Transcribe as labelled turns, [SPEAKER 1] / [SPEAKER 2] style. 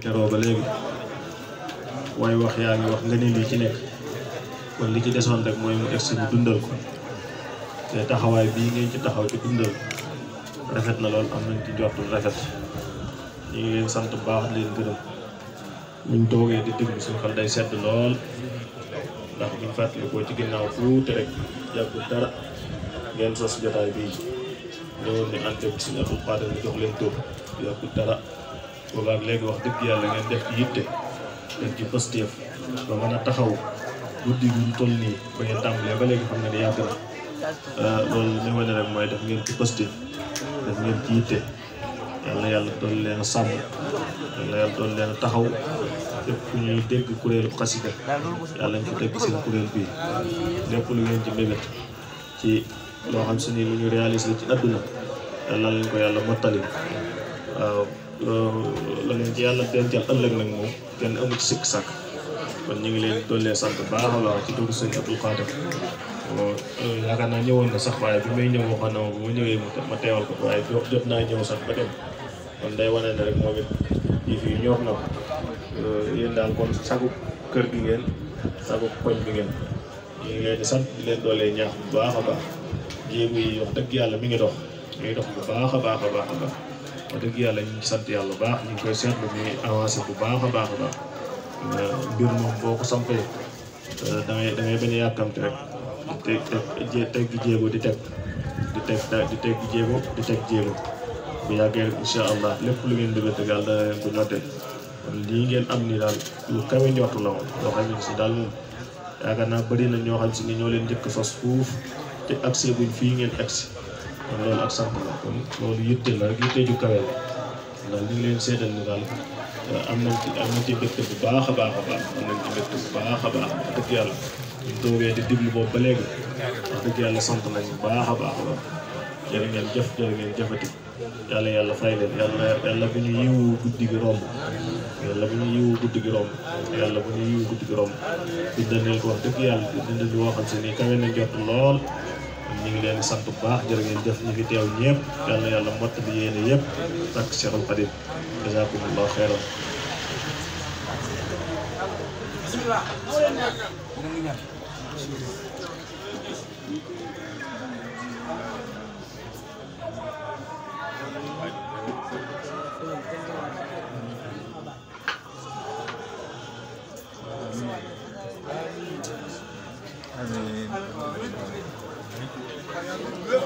[SPEAKER 1] keroo ba léegi waaye wax yaa ngi wax nga ni li ci nekk kon li ci desoon rek mooy mu egsi ñu dundal ko te taxawaay bii ngeen ci taxaw ci dundal rafet na lool am nañ ci njortu rafet ñu ngi leen sant bu baax di leen gërëm buñ toogee di déglu suñu day sedd lool ndax buñ ci ginnaaw tuuti rek yàggul dara ngeen sos jotaay bii ñëwoon ni ànd ak suñu Abdou Khadre jox leen tur yàggul dara boobaak léegi wax dëgg yàlla ngeen def ci yitte def ci pëstéef ba taxaw guddi gi mu toll ba ngeen tàmbalee ba léegi xam nga ne yàgg na euh, loolu li wane rek mooy def ngeen ci pëstéef def ngeen ci yitte yàlla yàlla doon leen sàmm yàlla yàlla doon leen taxaw lépp ku ñuy dégg kuréelu xasida yàlla nga ko dégg seen kuréel bii lépp lu ngeen ci mébét ci loo xam si ni lu ñu réalise ci àdduna yàlla leen ko yàlla mottali waaw la leen ci yàlla dencal ëllëg nag moom kenn amu ci sikk sàkk kon ñu ngi leen dooleel sant baax a baax ci dugg sëñ Abdou Khadir euh, yaakaar naa ñëwoon na sax waaye bi may ñëw waxoon na ma bu ma ñëwee jot naa ñëw sax ba dem day wane ne rek moom it yëf yi ñor na ko euh, yéen daal kon sagu kër gi ngeen sagu koñ bi ngeen ñu ngi leen di sant di leen doolee ñaax baax a baax jéego yi wax dëgg yàlla mi ngi dox mi ngi dox bu baax a baax baax wax dëgg yàlla santi ngi sant yàlla baax ñu ngi bu baax a baax a baax mbir moom boo ko sampee da ngay da ngay bañ a yàkkamti rek allah lépp lu ngeen dëgg dëgg yàlla dana leen lu kawe njortu la woon loo xam ne si daal moom yaakaar naa bëri na ñoo xam te kon loolu ak sant la kon loolu yitte la rek yitte ju kawe la ndax li leen seedal ni daal eh, am nañ ci am nañ ci mbégte bu baax a baax a baax am nañ ci mbégte bu baax a baax wax dëgg yàlla ñu toogee di déglu boobu ba léegi wax dëgg yàlla sant nañ bu baax a baax a baax jërë ngeen jëf jërë ngeen jëfati yàlla yàlla fay leen yàlla yàlla bu ñu yiwu guddi gi romb yàlla bu ñu yiwu guddi gi romb yàlla bu ñu yiwu guddi gi romb bindal leen ko wax dëgg yàlla bindal lu waxal si nii kawe na jot lool ñu ngi leen sant bu baax jërë ngeen jëf ñi fi teew ñëpp yal na yàlla mott bi yéene yëpp Cheikhul jazakumullahu khairan Amin. Amin. Yeah.